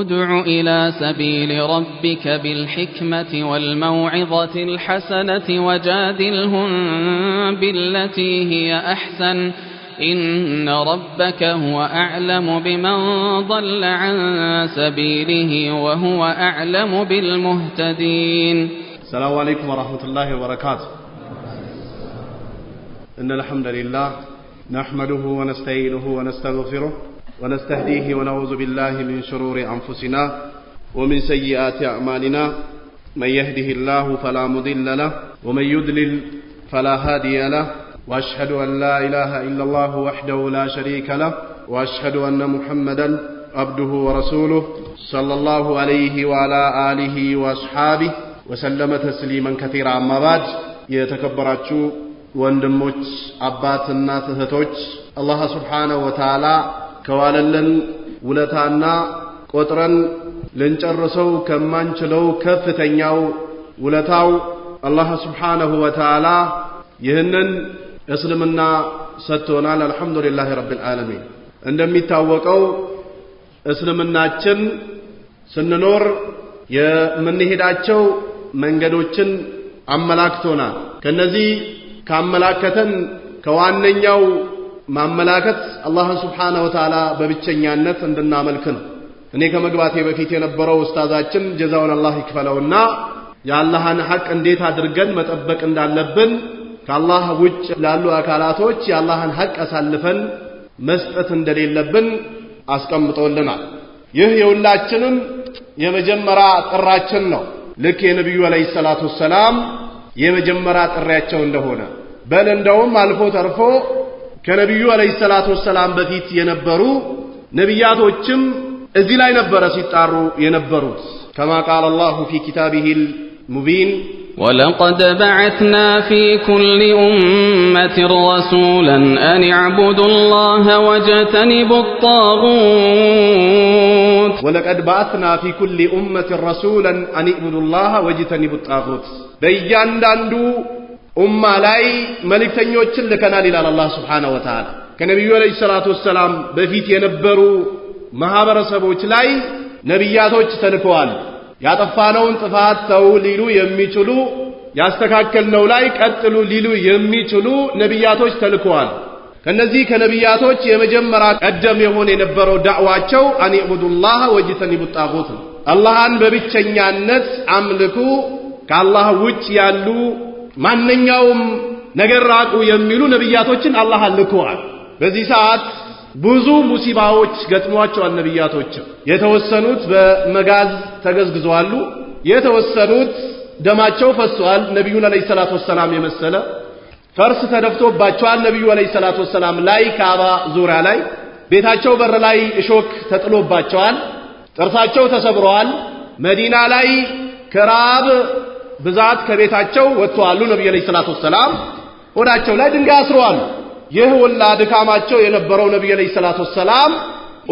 ادع إلى سبيل ربك بالحكمة والموعظة الحسنة وجادلهم بالتي هي أحسن إن ربك هو أعلم بمن ضل عن سبيله وهو أعلم بالمهتدين السلام عليكم ورحمة الله وبركاته إن الحمد لله نحمده ونستعينه ونستغفره ونستهديه ونعوذ بالله من شرور أنفسنا ومن سيئات أعمالنا من يهده الله فلا مضل له ومن يدلل فلا هادي له وأشهد أن لا إله إلا الله وحده لا شريك له وأشهد أن محمدا عبده ورسوله صلى الله عليه وعلى آله وأصحابه وسلم تسليما كثيرا أما بعد يتكبرات ወንድሞች عبات الناس الله سبحانه وتعالى ከዋለለን ውለታና ቆጥረን ልንጨርሰው ከማንችለው ከፍተኛው ውለታው አላህ ስብሓነሁ ወተዓላ ይህንን እስልምና ሰጥቶናል። አልሐምዱሊላህ ረቢል ዓለሚን። እንደሚታወቀው እስልምናችን ስንኖር የምንሄዳቸው መንገዶችን አመላክቶናል። ከነዚህ ካመላከተን ከዋነኛው ማመላከት አላህን ስብሓነሁ ወተዓላ በብቸኛነት እንድናመልክ ነው። እኔ ከመግባቴ በፊት የነበረው ኡስታዛችን ጀዛውን አላህ ይክፈለውና የአላህን ሐቅ እንዴት አድርገን መጠበቅ እንዳለብን ከአላህ ውጭ ላሉ አካላቶች የአላህን ሐቅ አሳልፈን መስጠት እንደሌለብን አስቀምጦልናል። ይህ የሁላችንም የመጀመሪያ ጥራችን ነው። ልክ የነቢዩ ዓለይሂ ሰላቱ ወሰላም የመጀመሪያ ጥሪያቸው እንደሆነ በል እንደውም አልፎ ተርፎ كنبيو عليه الصلاة والسلام بفيت ينبرو نبيات وجم ازي لا ينبرو ستارو ينبرو كما قال الله في كتابه المبين ولقد بعثنا في كل أمة رسولا أن اعبدوا الله واجتنبوا الطاغوت ولقد بعثنا في كل أمة رسولا أن اعبدوا الله واجتنبوا الطاغوت بيان داندو ኡማ ላይ መልእክተኞችን ልከናል ይላል አላህ ስብሓነሁ ወተዓላ። ከነቢዩ ዓለይሂ ሰላቱ ወሰላም በፊት የነበሩ ማህበረሰቦች ላይ ነቢያቶች ተልከዋል። ያጠፋነውን ጥፋት ተው ሊሉ የሚችሉ ያስተካከልነው ላይ ቀጥሉ ሊሉ የሚችሉ ነቢያቶች ተልከዋል። ከነዚህ ከነቢያቶች የመጀመሪያ ቀደም የሆነ የነበረው ዳዕዋቸው አን ዕቡዱላህ ወጅተኒቡ ጣጉት ነው። አላህን በብቸኛነት አምልኩ፣ ከአላህ ውጭ ያሉ ማንኛውም ነገር ራቁ የሚሉ ነቢያቶችን አላህ አልኩዋል። በዚህ ሰዓት ብዙ ሙሲባዎች ገጥሟቸዋል። ነቢያቶችም የተወሰኑት በመጋዝ ተገዝግዘዋሉ፣ የተወሰኑት ደማቸው ፈሷል። ነቢዩን አለይሂ ሰላቱ ወሰላም የመሰለ ፈርስ ተደፍቶባቸዋል። ነቢዩ አለይሂ ሰላቱ ወሰላም ላይ ካባ ዙሪያ ላይ ቤታቸው በር ላይ እሾክ ተጥሎባቸዋል። ጥርሳቸው ተሰብረዋል። መዲና ላይ ከራብ ብዛት ከቤታቸው ወጥተዋሉ። ነብዩ አለይሂ ሰላቱ ወሰላም ሆዳቸው ላይ ድንጋይ አስረዋል። ይህ ሁላ ድካማቸው የነበረው ነብዩ አለይሂ ሰላቱ ወሰላም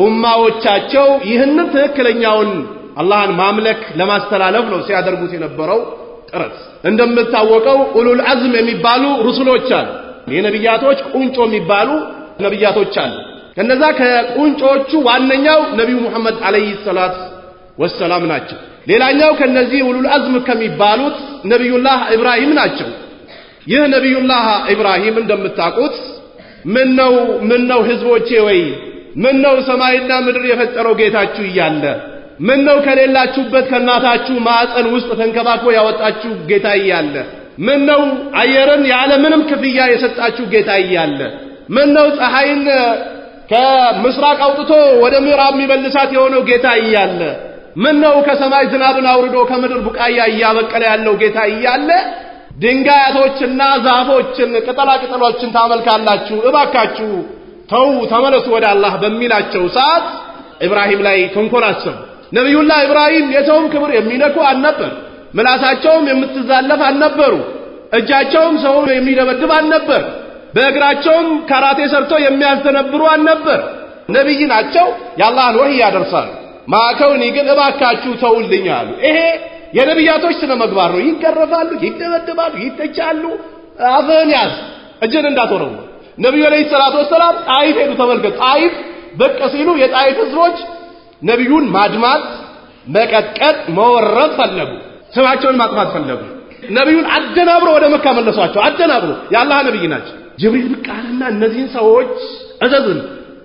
ኡማዎቻቸው ይህን ትክክለኛውን አላህን ማምለክ ለማስተላለፍ ነው ሲያደርጉት የነበረው ጥረት። እንደምታወቀው ኡሉል አዝም የሚባሉ ሩሱሎች አሉ። የነቢያቶች ቁንጮ የሚባሉ ነቢያቶች አሉ። ከነዛ ከቁንጮቹ ዋነኛው ነቢዩ ሙሐመድ አለይሂ ሰላት ወሰላም ናቸው። ሌላኛው ከነዚህ ኡሉል አዝም ከሚባሉት ነቢዩላህ ኢብራሂም ናቸው። ይህ ነቢዩላህ ኢብራሂም እንደምታውቁት ምን ነው ምን ነው ህዝቦቼ ወይ ምን ነው ሰማይና ምድር የፈጠረው ጌታችሁ እያለ ምን ነው ከሌላችሁበት ከእናታችሁ ማዕፀን ውስጥ ተንከባክቦ ያወጣችሁ ጌታ እያለ ምን ነው አየርን ያለ ምንም ክፍያ የሰጣችሁ ጌታ እያለ ምን ነው ፀሐይን ከምስራቅ አውጥቶ ወደ ምዕራብ የሚመልሳት የሆነው ጌታ እያለ ምን ነው ከሰማይ ዝናብን አውርዶ ከምድር ቡቃያ እያበቀለ ያለው ጌታ እያለ ድንጋያቶችና ዛፎችን ቅጠላ ቅጠሎችን ታመልካላችሁ? እባካችሁ ተው፣ ተመለሱ ወደ አላህ በሚላቸው ሰዓት ኢብራሂም ላይ ተንኮል አሰቡ። ነቢዩላህ ኢብራሂም የሰውም ክብር የሚነኩ አልነበር። ምላሳቸውም የምትዛለፍ አልነበሩ። እጃቸውም ሰው የሚደበድብ አልነበር። በእግራቸውም ካራቴ ሰርተው የሚያስተነብሩ አልነበር። ነቢይ ናቸው። የአላህን ወህይ ያደርሳሉ። ማዕከውኒ ግን እባካችሁ ተውልኝ አሉ። ይሄ የነቢያቶች ስነ መግባር ነው። ይገረፋሉ፣ ይደበደባሉ፣ ይተቻሉ። አፍህን ያዝ፣ እጅን እንዳትወረው። ነቢዩ ዓለይሂ ሰላቱ ወሰላም ጣይፍ ሄዱ። ተመልከቱ፣ ጣይፍ ብቅ ሲሉ የጣይፍ ህዝቦች ነቢዩን ማድማት፣ መቀጥቀጥ፣ መወረብ ፈለጉ። ስማቸውን ማጥፋት ፈለጉ። ነቢዩን አደናብሮ ወደ መካ መለሷቸው። አደናብሮ የአላህ ነቢይ ናቸው። ጅብሪል ብቅ አለና እነዚህን ሰዎች እዘዝን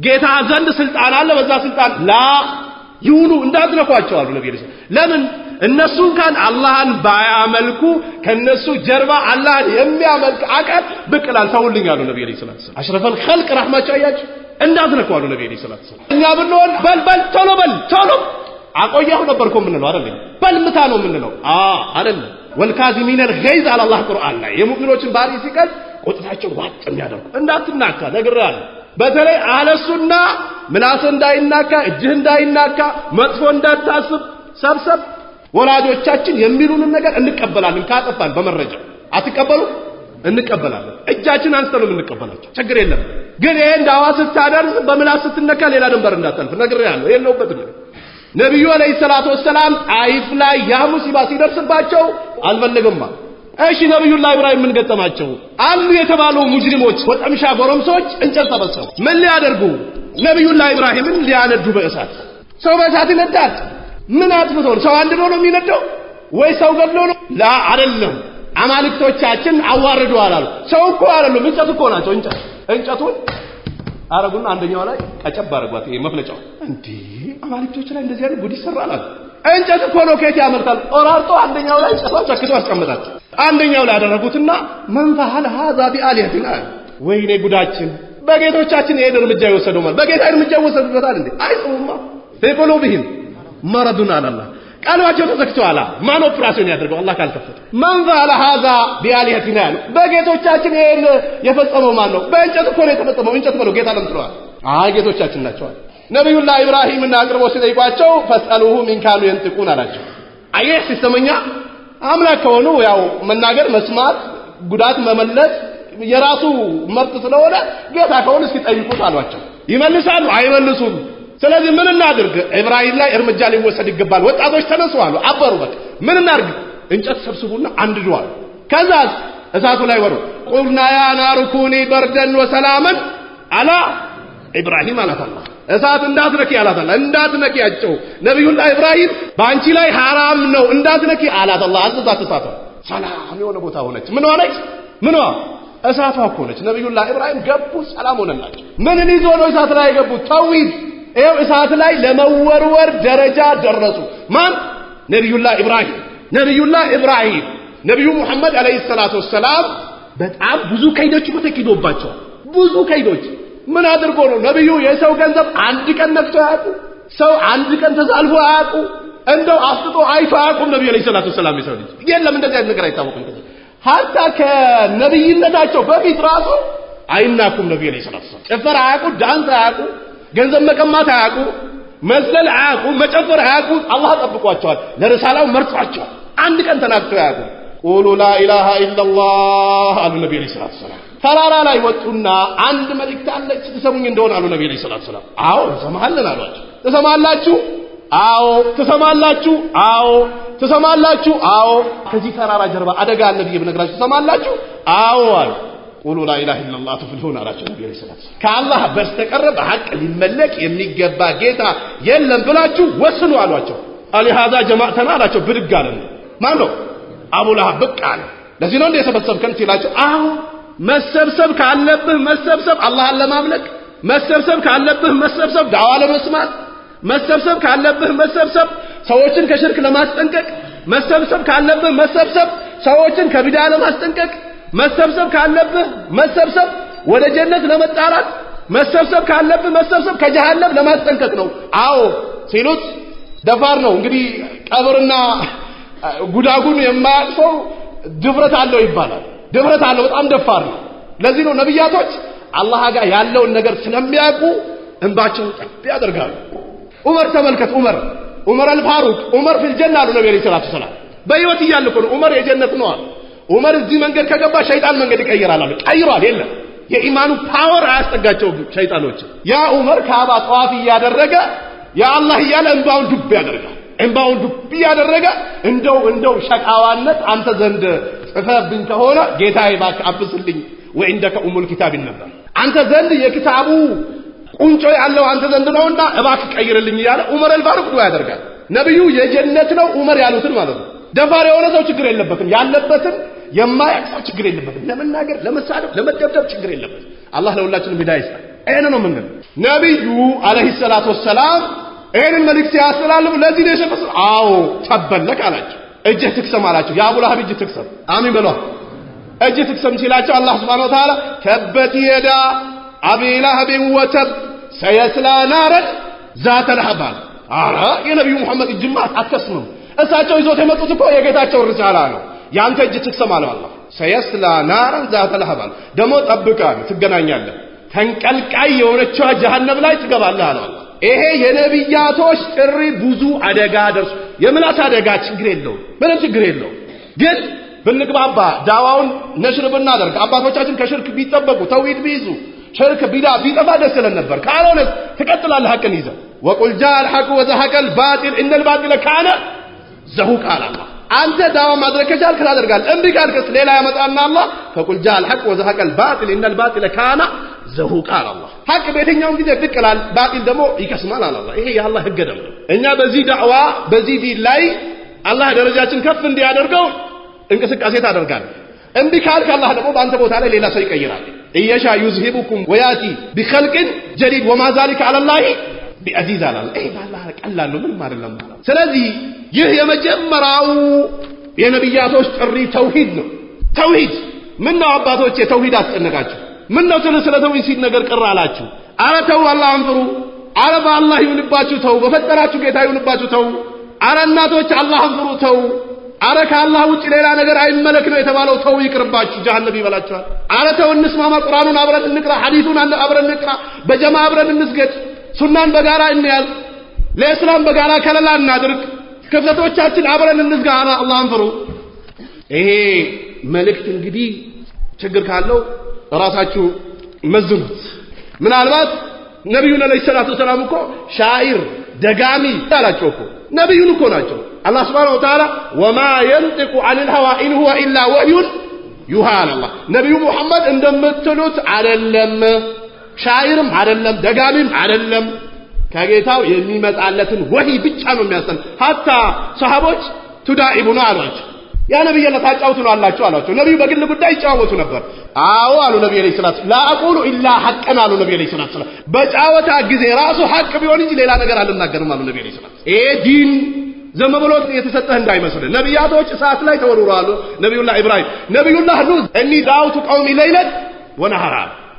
ጌታ ዘንድ ስልጣን አለ፣ በዛ ስልጣን ላ ይውሉ እንዳትነፏቸው አሉ ነብዩ ለምን እነሱ እንኳን አላህን ባያመልኩ ከነሱ ጀርባ አላህን የሚያመልክ አካል ብቅ ይላል ተውልኝ አሉ ነብዩ ሰለላሁ ዐለይሂ ወሰለም አሽረፈል ኸልቅ ረህማቸው አያችሁ እንዳትነኩ አሉ ነብዩ ሰለላሁ ዐለይሂ ወሰለም እኛ ብንሆን በል በል ቶሎ በል ቶሎ አቆየሁ ነበርኮ የምንለው አይደለም በልምታ ነው የምንለው አይደለም ወልካዚሚን አልገይዝ አለ ቁርአን ላይ የሙእሚኖችን ባህሪ ሲቀል ቁጥታቸውን ዋጥ የሚያደርጉ እንዳትናካ ነግራለሁ በተለይ አለሱና ምላስ እንዳይናካ፣ እጅህ እንዳይናካ፣ መጥፎ እንዳታስብ ሰብሰብ። ወላጆቻችን የሚሉንን ነገር እንቀበላለን ካጠፋን በመረጃ አትቀበሉ እንቀበላለን። እጃችን አንስተን የምንቀበላቸው ችግር የለም። ግን ይሄ ዳዋ ስታደርስ በምላስ ስትነካ ሌላ ድንበር እንዳታልፍ ነግሬሃለሁ። የለውበት ነው። ነብዩ አለይሂ ሰላቱ ወሰላም አይፍ ላይ ያ ሙሲባ ሲደርስባቸው አልፈለገም እሺ ነብዩላህ ኢብራሂም ምን ገጠማቸው? አሉ የተባሉ ሙጅሪሞች ወጠምሻ ጎረምሶች እንጨት ሰበሰቡ። ምን ሊያደርጉ? ነብዩላህ ኢብራሂምን ሊያነዱ በእሳት። ሰው በእሳት ይነዳል። ምን አጥፍቶ ነው? ሰው አንድ ነው ነው የሚነደው ወይ ሰው ገድሎ ነው? ላ አይደለም። አማልክቶቻችን አዋርዱ አላሉ። ሰው እኮ አይደሉም፣ እንጨት እኮ ናቸው። እንጨት እንጨቱን አረጉና አንደኛው ላይ ቀጨብ አረጓት። ይሄ መፍለጫው እንዴ! አማልክቶች ላይ እንደዚህ አይነት ጉድ ይሰራል። እንጨት እኮ ነው፣ ከየት ያመልጣል? ቆራርጦ አንደኛው ላይ ጨሳው ጨክቶ አስቀምጣት። አንደኛው ላይ ያደረጉትና መንፋሃል ሀዛ ቢአሊያቲና ወይኔ ጉዳችን በጌቶቻችን ይሄን እርምጃ የወሰደው ማለት በጌታ እርምጃ የወሰዱበታል እንዴ አይጽሙማ ፊቁሉብህም መረዱን አላላ ቀልባቸው አላ ማን ኦፕራሲዮን ያደርገው አላህ ካልከፈተ መንፋሃል ሀዛ ቢአሊያቲና በጌቶቻችን ይሄን የፈጸመው ማን ነው በእንጨት እኮ ነው የተፈጸመው እንጨት በለው ጌታ ለምትለዋል አይ ጌቶቻችን ናቸዋል ነቢዩላህ ኢብራሂምና አቅርቦ ሲጠይቋቸው ፈስአሉሁ ሚን ካኑ የንጥቁን አላቸው አየህ ሲስተመኛ አምላክ ከሆኑ ያው መናገር፣ መስማት፣ ጉዳት መመለስ የራሱ መብት ስለሆነ ጌታ ከሆኑ እስኪ ጠይቁት አሏቸው። ይመልሳሉ? አይመልሱም። ስለዚህ ምን እናድርግ? ኢብራሂም ላይ እርምጃ ሊወሰድ ይገባል። ወጣቶች ተነሱ አሉ። አበሩ። በቃ ምን እናድርግ? እንጨት ሰብስቡና አንድዱ አሉ። ከዛ እሳቱ ላይ ወሩ። ቁልና ያ ናሩ ኩኒ በርደን ወሰላመን አላ ኢብራሂም አላት አላህ እሳት እንዳትነኪ አላት አላህ እንዳትነኪ አጨው ነብዩላህ ኢብራሂም በአንቺ ላይ ሐራም ነው እንዳትነኪ አላት አላህ አዘዛት እሳቷ ሰላም የሆነ ቦታ ሆነች ምን ሆነች ምኗ እሳቷ እኮ ሆነች ነብዩላህ ኢብራሂም ገቡ ሰላም ሆነላቸው ምንን ይዞ ነው እሳት ላይ የገቡት ተውሂድ ይኸው እሳት ላይ ለመወርወር ደረጃ ደረሱ ማን ነብዩላህ ኢብራሂም ነብዩላህ ኢብራሂም ነብዩ ሙሐመድ አለይሂ ሰላቱ ወሰላም በጣም ብዙ ከይዶች እኮ ተኪዶባቸዋል ብዙ ከይዶች ምን አድርጎ ነው ነቢዩ የሰው ገንዘብ አንድ ቀን ነክቶ አያውቁ? ሰው አንድ ቀን ተዛልፎ አያውቁ? እንደው አፍጥጦ አይቶ አያውቁም። ነቢዩ አለይሂ ሰላቱ ሰላም የሰው ልጅ የለም እንደዚህ አይነት ነገር አይታወቅም። ሀታ ከነቢይነታቸው በፊት ራሱ አይናኩም። ነቢዩ አለይሂ ሰላቱ ሰላም ጭፈር አያውቁ፣ ዳንስ አያውቁ፣ ገንዘብ መቀማት አያውቁ፣ መዝለል አያውቁ፣ መጨፈር አያውቁ። አላህ ጠብቋቸዋል፣ ለርሳላው መርጧቸዋል። አንድ ቀን ተናግቶ አያውቁ። ቁሉ ላ ኢላሃ ኢላላህ አሉ ነቢዩ አለይሂ ሰላቱ ሰላም ተራራ ላይ ወጡና አንድ መልእክት አለች ትሰሙኝ እንደሆነ አሉ ነቢ ዐለይሂ ሰላቱ ሰላም። አዎ እንሰማሃለን አሏቸው። ትሰማላችሁ? አዎ። ትሰማላችሁ? አዎ። ትሰማላችሁ? አዎ። ከዚህ ተራራ ጀርባ አደጋ አለ ብዬ ብነግራችሁ ትሰማላችሁ? አዎ አሉ። ቁሉ ላ ኢላሃ ኢለላህ ትፍልሑን አላቸው ነቢ ዐለይሂ ሰላቱ ሰላም። ከአላህ በስተቀረ በሐቅ ሊመለክ የሚገባ ጌታ የለም ብላችሁ ወስኑ አሏቸው። አሊሃዛ ጀማዕተና አላቸው። ብድግ አለ። ማን ነው? አቡ ለሀብ ብቅ አለ። ለዚህ ነው እንደ የሰበሰብከን ሲላቸው አዎ መሰብሰብ ካለብህ መሰብሰብ አላህን ለማምለክ፣ መሰብሰብ ካለብህ መሰብሰብ ዳዋ ለመስማት፣ መሰብሰብ ካለብህ መሰብሰብ ሰዎችን ከሽርክ ለማስጠንቀቅ፣ መሰብሰብ ካለብህ መሰብሰብ ሰዎችን ከቢዳ ለማስጠንቀቅ፣ መሰብሰብ ካለብህ መሰብሰብ ወደ ጀነት ለመጣራት፣ መሰብሰብ ካለብህ መሰብሰብ ከጀሃነም ለማስጠንቀቅ ነው። አዎ ሲሉት ደፋር ነው እንግዲህ ቀብርና ጉዳጉን ሰው ድፍረት አለው ይባላል። ድፍረት አለው። በጣም ደፋር ነው። ለዚህ ነው ነቢያቶች አላህ ጋር ያለውን ነገር ስለሚያውቁ እንባቸው ጠብ ያደርጋሉ። ዑመር ተመልከት፣ ዑመር ዑመር አልፋሩቅ ዑመር ፊል ጀና አሉ ነቢ ዐለይሂ ሰላቱ ሰላም። በህይወት እያለ እኮ ነው ዑመር የጀነት ነው አሉ። ዑመር እዚህ መንገድ ከገባ ሸይጣን መንገድ ይቀይራል አሉ። ቀይሯል፣ የለም የኢማኑ ፓወር አያስጠጋቸውም ሸይጣኖች። ያ ዑመር ካባ ጠዋፍ እያደረገ ያ አላህ እያለ እንባውን ዱብ ያደርጋል። እንባውን ዱብ እያደረገ እንደው እንደው ሸቃዋነት አንተ ዘንድ ጽፈህብን ከሆነ ጌታዬ እባክህ አብስልኝ ወይ እንደከ ኡሙል ኪታብ ነበር አንተ ዘንድ የኪታቡ ቁንጮ ያለው አንተ ዘንድ ነውና እባክህ ቀይርልኝ እያለ ዑመር አልፋሩቅ ዱዓ ያደርጋል። ነብዩ የጀነት ነው ዑመር ያሉትን ማለት ነው። ደፋር የሆነ ሰው ችግር የለበትም። ያለበትን የማያቅ ሰው ችግር የለበትም። ለመናገር፣ ለመሳደብ፣ ለመደብደብ ችግር የለበትም። አላህ ለሁላችንም ሂዳያ ይስጣ። ይሄን ነው መንገድ ነብዩ አለይሂ ሰላቱ ወሰላም ይሄንን መልእክት ሲያስተላልፉ ለዚህ ነው የሸፈሰ አዎ ተበለክ አላቸው። እጅህ ትክሰም አላቸው። የአቡ ለሀብ እጅህ ትክሰም አሚን በሏ። እጅ ትክሰም ሲላቸው አላህ ሱብሓነሁ ወተዓላ ከበት የዳ አቢ ለሀብን ወተብ ሰየስላ ናረን ዛተ ለሀብ አለ። ኧረ የነቢዩ ሙሐመድ እጅማ አትከስምም። እሳቸው ይዞት የመጡት እኮ የጌታቸው ሪሳላ ነው። ያንተ እጅ ትክሰም አለው አላህ። ሰየስላ ናረን ዛተ ለሀብ አለ። ደግሞ ጠብቃ ትገናኛለህ፣ ተንቀልቃይ የሆነችዋ ጀሃነም ላይ ትገባለህ አለው አላህ ይሄ የነቢያቶች ጥሪ ብዙ አደጋ ደርሶ የምላስ አደጋ ችግር የለው ምንም ችግር የለው ግን ብንግባባ ዳዋውን ነሽር ብናደርግ አባቶቻችን ከሽርክ ቢጠበቁ ተውሂድ ቢይዙ ሽርክ ቢዳ ቢጠፋ ደስ ይለን ነበር። ካልሆነስ ትቀጥላለህ ሐቅን ይዘህ ወቁል ጃአል ሐቁ ወዘሐቀል ባጢል ኢነል ባጢለ ካነ ዘሁቃ አላህ። አንተ ዳዋ ማድረግ ከቻልክ ታደርጋለህ፣ እምቢ ካልክስ ሌላ ያመጣና አላህ ከቁል ጃአል ሐቁ ወዘሐቀል ባጢል ኢነል ባጢለ ካነ زهوك على الله حق بيتين يوم كده بكل باقي الدمو يكسم على الله إيه يا الله هكذا إن يا بزيد دعوة بزيد الله الله درجات كفن دي على رجول إنك سكاسيت على رجال إن بكارك الله دمو بانت بوت على ليلة سيك إيشا يذهبكم وياتي بخلق جديد وما ذلك على الله بأزيز على الله إيه الله لك الله نمر مار الله سلذي يهي مجمراو يا نبي يا توحيد توحيد من نوع باتوش توحيدات النقاشة ምን ነው ስለ ስለ ተውኝ ሲል ነገር ቀር አላችሁ። አረ ተው፣ አላህን ፍሩ። አረ በአላህ ይሁንባችሁ ተው፣ በፈጠራችሁ ጌታ ይሁንባችሁ ተው። አረ እናቶች አላህ ፍሩ ተው። አረ ከአላህ ውጭ ሌላ ነገር አይመለክ ነው የተባለው ተው፣ ይቅርባችሁ፣ ጀሃነም ይበላችኋል። አረ ተው፣ እንስማማ፣ ቁርአኑን አብረን እንቅራ፣ ሐዲሱን አብረን እንቅራ፣ በጀማ አብረን እንስገድ፣ ሱናን በጋራ እንያዝ፣ ለእስላም በጋራ ከለላ እናድርግ፣ ክፍተቶቻችን አብረን እንዝጋ። አላህን ፍሩ። ይሄ መልእክት እንግዲህ ችግር ካለው ራሳችሁ መዝኑት ምናልባት ነቢዩን አለይሂ ሰላቱ ወሰላም እኮ ሻኢር ደጋሚ አላቸው እኮ ነቢዩን እኮ ናቸው አላህ Subhanahu Wa Ta'ala ወማ ينطق عن الهوى إن هو إلا وحي يوحى አላህ ነቢዩ ሙሐመድ እንደምትሉት አይደለም ሻኢርም አይደለም ደጋሚም አይደለም ከጌታው የሚመጣለትን ወሂ ብቻ ነው የሚያስተን ሀታ ሰሃቦች ቱዳ ኢብኑ አሏቸው ያ ነብይ አለ ታጫውቱ ነው አላችሁ አላቸው። ነብዩ በግል ጉዳይ ይጫወቱ ነበር። አዎ አሉ ነብዩ አለይሂ ሰላቱ ላ አቁሉ ኢላ ሐቀን አሉ ነብዩ አለይሂ ሰላቱ ሰላም። በጫወታ ጊዜ ራሱ ሐቅ ቢሆን እንጂ ሌላ ነገር አልናገርም አሉ ነብዩ አለይሂ ሰላቱ። ይሄ ዲን ዘመ ብሎ የተሰጠህ እንዳይመስል። ነብያቶች እሳት ላይ ተወርውረዋል። ነብዩላህ ኢብራሂም፣ ነብዩላህ ኑህ እኒ ዳውቱ ቀውሚ ለይለን ወነሃራ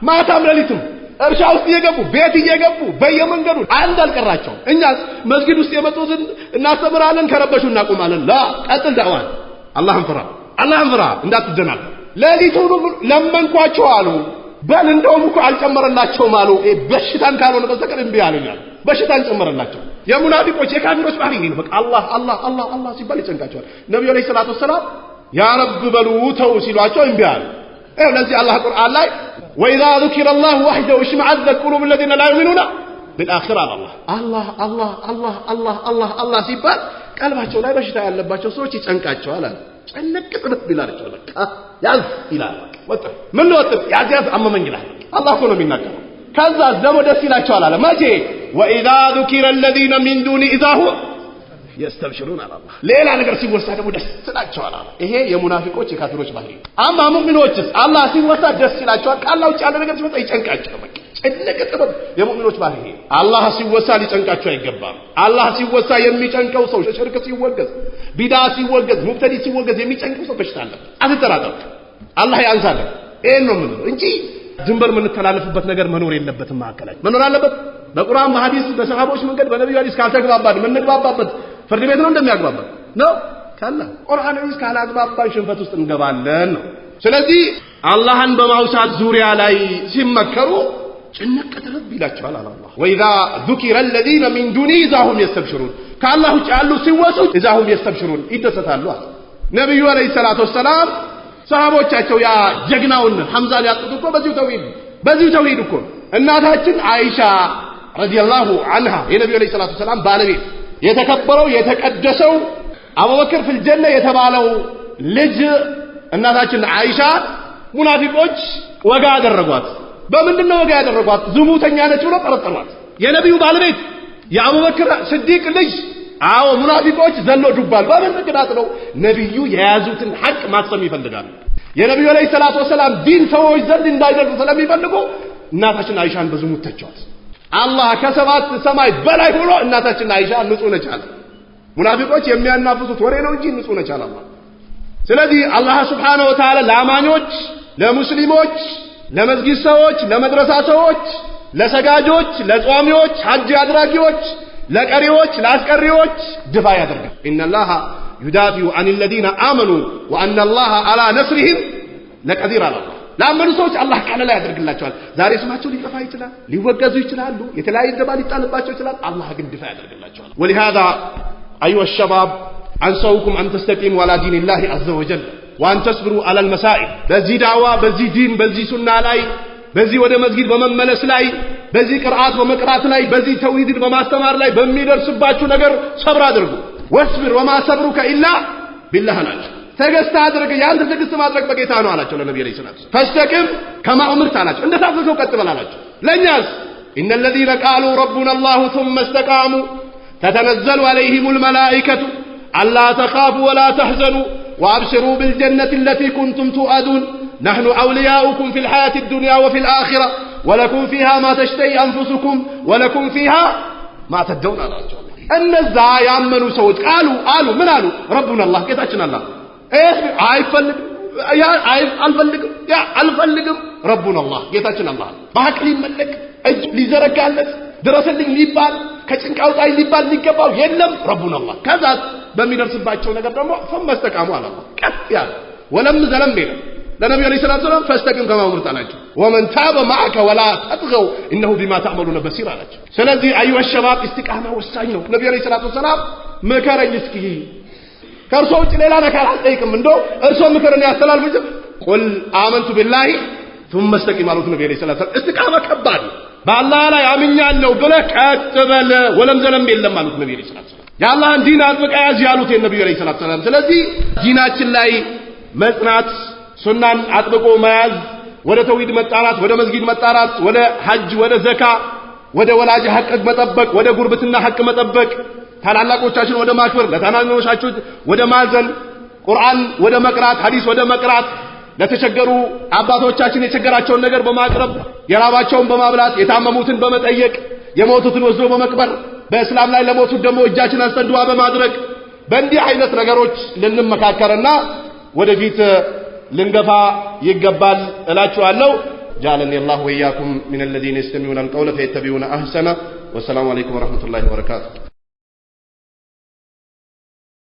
ማታም ሌሊትም እርሻ ውስጥ እየገቡ ቤት እየገቡ በየመንገዱ አንድ አልቀራቸው። እኛ መስጊድ ውስጥ የመጡትን እናስተምራለን፣ ከረበሹ እናቆማለን። ላ ቀጥል ዳዋን አላህን ፍራ፣ አላህን ፍራ እንዳትደናል። ሌሊቱን ሁሉ ለመንኳቸው አሉ። በል እንደውም እኮ አልጨመረላቸውም አሉ። በሽታን ካልሆነ በስተቀር እምቢ አለኛል። በሽታን ጨመረላቸው። የሙናፊቆች የካፊሮች ባህሪ ይሄ ነው። በቃ አላህ አላህ አላህ አላህ ሲባል ይጨንቃቸዋል። ነቢዩ ዓለይሂ ሰላቱ ወሰላም ያ ረብ በሉ ተው ሲሏቸው እምቢ አሉ። ይኸው ለዚህ አላህ ቁርአን ላይ ወኢዛ ذكر الله وحده اشمعت قلوب الذين لا يؤمنون ቢልአኺራ አለ አላህ አላህ አላህ አላህ አላህ አላህ ሲባል ቀልባቸው ላይ በሽታ ያለባቸው ሰዎች ይጨንቃቸዋል አለ ጨነቅ ጥብት ይላቸው በቃ ያዝ ይላል ወጥ ምን ለወጥ ያዝ ያዝ አመመኝ ይላል አላህ እኮ ነው የሚናገረው ከዛ ደግሞ ደስ ይላቸዋል አለ መቼ ወኢዛ ذكر الذين من دون اذا يستبشرون على الله ሌላ ነገር ሲወሳ ደግሞ ደስ ይላቸዋል አለ ይሄ የሙናፊቆች የካፊሮች ባህሪ አማ ሙእሚኖችስ አላህ ሲወሳ ደስ ይላቸዋል ካላውጭ ያለ ነገር ሲወጣ ይጨንቃቸው በቃ የጠለቀ ጥበብ የሙእሚኖች ባህሪ ይሄ። አላህ ሲወሳ ሊጨንቃቸው አይገባም። አላህ ሲወሳ የሚጨንቀው ሰው ሽርክ ሲወገዝ፣ ቢዳ ሲወገዝ፣ ሙብተዲ ሲወገዝ የሚጨንቀው ሰው በሽታ አለ። አትጠራጠሩ። አላህ ያንሳለን። ይሄን ነው የምንለው እንጂ ድንበር የምንተላለፍበት ነገር መኖር የለበትም። መካከላችን መኖር አለበት። በቁርአን በሐዲስ በሰሃቦች መንገድ በነቢዩ ሐዲስ ካልተግባባን የምንግባባበት ፍርድ ቤት ነው እንደሚያግባባን ነው ካለ ቁርአን ሐዲስ ካላግባባን ሽንፈት ውስጥ እንገባለን ነው። ስለዚህ አላህን በማውሳት ዙሪያ ላይ ሲመከሩ جنك تغب لا تشال على الله وإذا ذكر الذين من دوني إذا هم يستبشرون كالله تعالوا سواسوا إذا هم يستبشرون إذا ستالوا نبي عليه الصلاة والسلام صحابو تشاكو يا جقناون حمزة يا تتوكو بزيو تويد بزيو تويدكو النادها عائشة رضي الله عنها النبي عليه الصلاة والسلام بالبي يتكبروا يتكدسوا أبو بكر في الجنة يتبالوا لج النادها عائشة منافقوش وقادر رقوات በምንድን ነው ወጋ ያደረጓት? ዝሙተኛ ነች ብሎ ጠረጠሯት። የነቢዩ ባለቤት የአቡበክር ስዲቅ ልጅ አዎ ሙናፊቆች ዘሎ ዱባል በምን ምክንያት ነው? ነቢዩ የያዙትን ሐቅ ማክሰም ይፈልጋሉ። የነቢዩ ዓለይሂ ሰላቱ ወሰላም ዲን ሰዎች ዘንድ እንዳይደርሱ ስለሚፈልጉ እናታችን አይሻን በዝሙት ተቸዋት። አላህ ከሰባት ሰማይ በላይ ሆኖ እናታችን አይሻ ንጹህ ነች አለ። ሙናፊቆች የሚያናፍሱት ወሬ ነው እንጂ ንጹህ ነች አለ። ስለዚህ አላህ ሱብሓነሁ ወተዓላ ለአማኞች ለሙስሊሞች ለመስጊድ ሰዎች፣ ለመድረሳ ሰዎች፣ ለሰጋጆች፣ ለጿሚዎች፣ ሐጅ አድራጊዎች፣ ለቀሪዎች፣ ለአስቀሪዎች ድፋ ያደርጋል። ኢነላሃ ዩዳፊዑ አን ለዚነ አመኑ ወአነላሃ አላ ነስሪሂም ለቀዲር አላላ ለአመኑ ሰዎች አላህ ቀለላ ያደርግላቸዋል። ዛሬ ስማቸው ሊጠፋ ይችላል፣ ሊወገዙ ይችላሉ፣ የተለያየ ደባ ሊጣልባቸው ይችላል። አላህ ግን ድፋ ያደርግላቸዋል። ወሊሃዛ አዩሃ ሸባብ አንሰውኩም አን ተስተቂሙ አላ ዲንላሂ አዘ ወጀል ዋንተስብሩ አላል መሳኢል በዚህ ዳዋ በዚህ ዲን በዚህ ሱና ላይ በዚህ ወደ መስጊድ በመመለስ ላይ በዚህ ቅርአት በመቅራት ላይ በዚህ ተውሂድን በማስተማር ላይ በሚደርስባችሁ ነገር ሰብር አድርጉ። ወስብር ወማ ሰብሩከ ኢላ ቢላህ አላቸው። ትዕግስት አድርግ፣ የአንተ ትዕግስት ማድረግ በጌታ ነው አላቸው። ለነቢ ዐለይሂ ሰላም ፈስተቅም ከማ ኡምርት አላቸው። እንደ ቀጥ በል አላቸው። ለእኛስ ኢነ ለዚነ ቃሉ ረቡና አላሁ ሱመ እስተቃሙ ተተነዘሉ ዐለይሂሙል መላኢከቱ አላ ተኻፉ ወላ ተሕዘኑ وابشروا بالجنه التي كنتم توعدون نحن اولياؤكم في الحياه الدنيا وفي الاخره ولكم فيها ما تشتهي انفسكم ولكم فيها ما تدعون النزاعه يا امنوا سوت قالوا قالوا من قالوا ربنا الله كيتاشن الله ايش عايفلك يا عايف الفلك يا الفلك ربنا الله كيتاشن الله ما حق لي ملك اج لي زرك درس لي كتشن كچن قاوت اي يبال لي يبال يلم ربنا الله كذا በሚደርስባቸው ነገር ደግሞ ፈም መስተቃሙ አለ ቀጥ ያለ ወለም ዘለም ይላል ለነብዩ አለይሂ ሰላቱ ሰላም ፈስተቅም ከማ ኡምርት አላቸው። ወመን ታበ ማዕከ ወላ ተጥገው እነሁ ቢማ ተዕመሉነ በሲር አላቸው። ስለዚህ አዩሀ ሸባብ ኢስቲቃማ ወሳኝ ነው። ነብዩ አለይሂ ሰላቱ ሰላም ምከረኝ እስኪ ከእርሶ ውጭ ሌላ ነገር አልጠይቅም፣ እንደው እርሶ ምክርን ያስተላልፍ ቁል አመንቱ ቢላሂ ثم استقم አሉት ነብዩ አለይሂ ሰላቱ ሰላም። ኢስቲቃማ ከባድ በአላህ ላይ አምኛለሁ ብለህ ቀጥ በል ወለም ዘለም የለም አሉት ነብዩ አለይሂ ሰላቱ ሰላም የአላህን ዲን አጥብቃ ያዝ ያሉት የነቢዩ ዐለይሂ ሰላቱ ሰላም። ስለዚህ ዲናችን ላይ መጽናት፣ ሱናን አጥብቆ መያዝ፣ ወደ ተውሂድ መጣራት፣ ወደ መስጊድ መጣራት፣ ወደ ሐጅ፣ ወደ ዘካ፣ ወደ ወላጅ ሐቅ መጠበቅ፣ ወደ ጉርብትና ሐቅ መጠበቅ፣ ታላላቆቻችን ወደ ማክበር፣ ለታናናሾቻችን ወደ ማዘን፣ ቁርአን ወደ መቅራት፣ ሐዲስ ወደ መቅራት ለተቸገሩ አባቶቻችን የቸገራቸውን ነገር በማቅረብ የራባቸውን በማብላት የታመሙትን በመጠየቅ የሞቱትን ወስዶ በመቅበር በእስላም ላይ ለሞቱት ደግሞ እጃችን አንስተን ዱዓ በማድረግ በእንዲህ አይነት ነገሮች ልንመካከርና ወደፊት ልንገፋ ይገባል እላችኋለሁ። ጃለን የላሁ ወኢያኩም ሚን አልዚነ የስተሚዑነ አልቀውለ ፈየተቢዑነ አህሰና። ወሰላሙ አለይኩም ወረሕመቱላሂ ወበረካቱ።